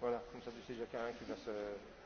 Voilà, comme ça tu sais, chacun qui va se